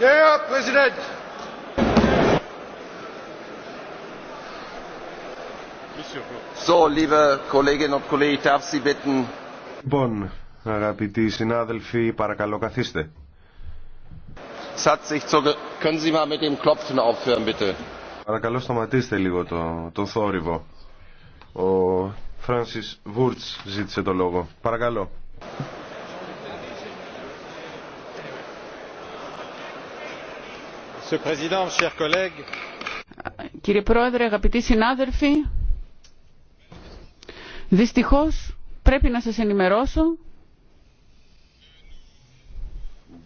Herr Präsident! So, liebe Kolleginnen und Kollegen, darf Sie bitten. Λοιπόν, αγαπητοί συνάδελφοι, παρακαλώ καθίστε. Es sich zu... Können Sie mal mit dem Klopfen aufhören, bitte. Παρακαλώ σταματήστε λίγο το, το θόρυβο. Ο Φράνσις Βούρτς ζήτησε το λόγο. Παρακαλώ. Κύριε Πρόεδρε, αγαπητοί συνάδελφοι, δυστυχώς πρέπει να σας ενημερώσω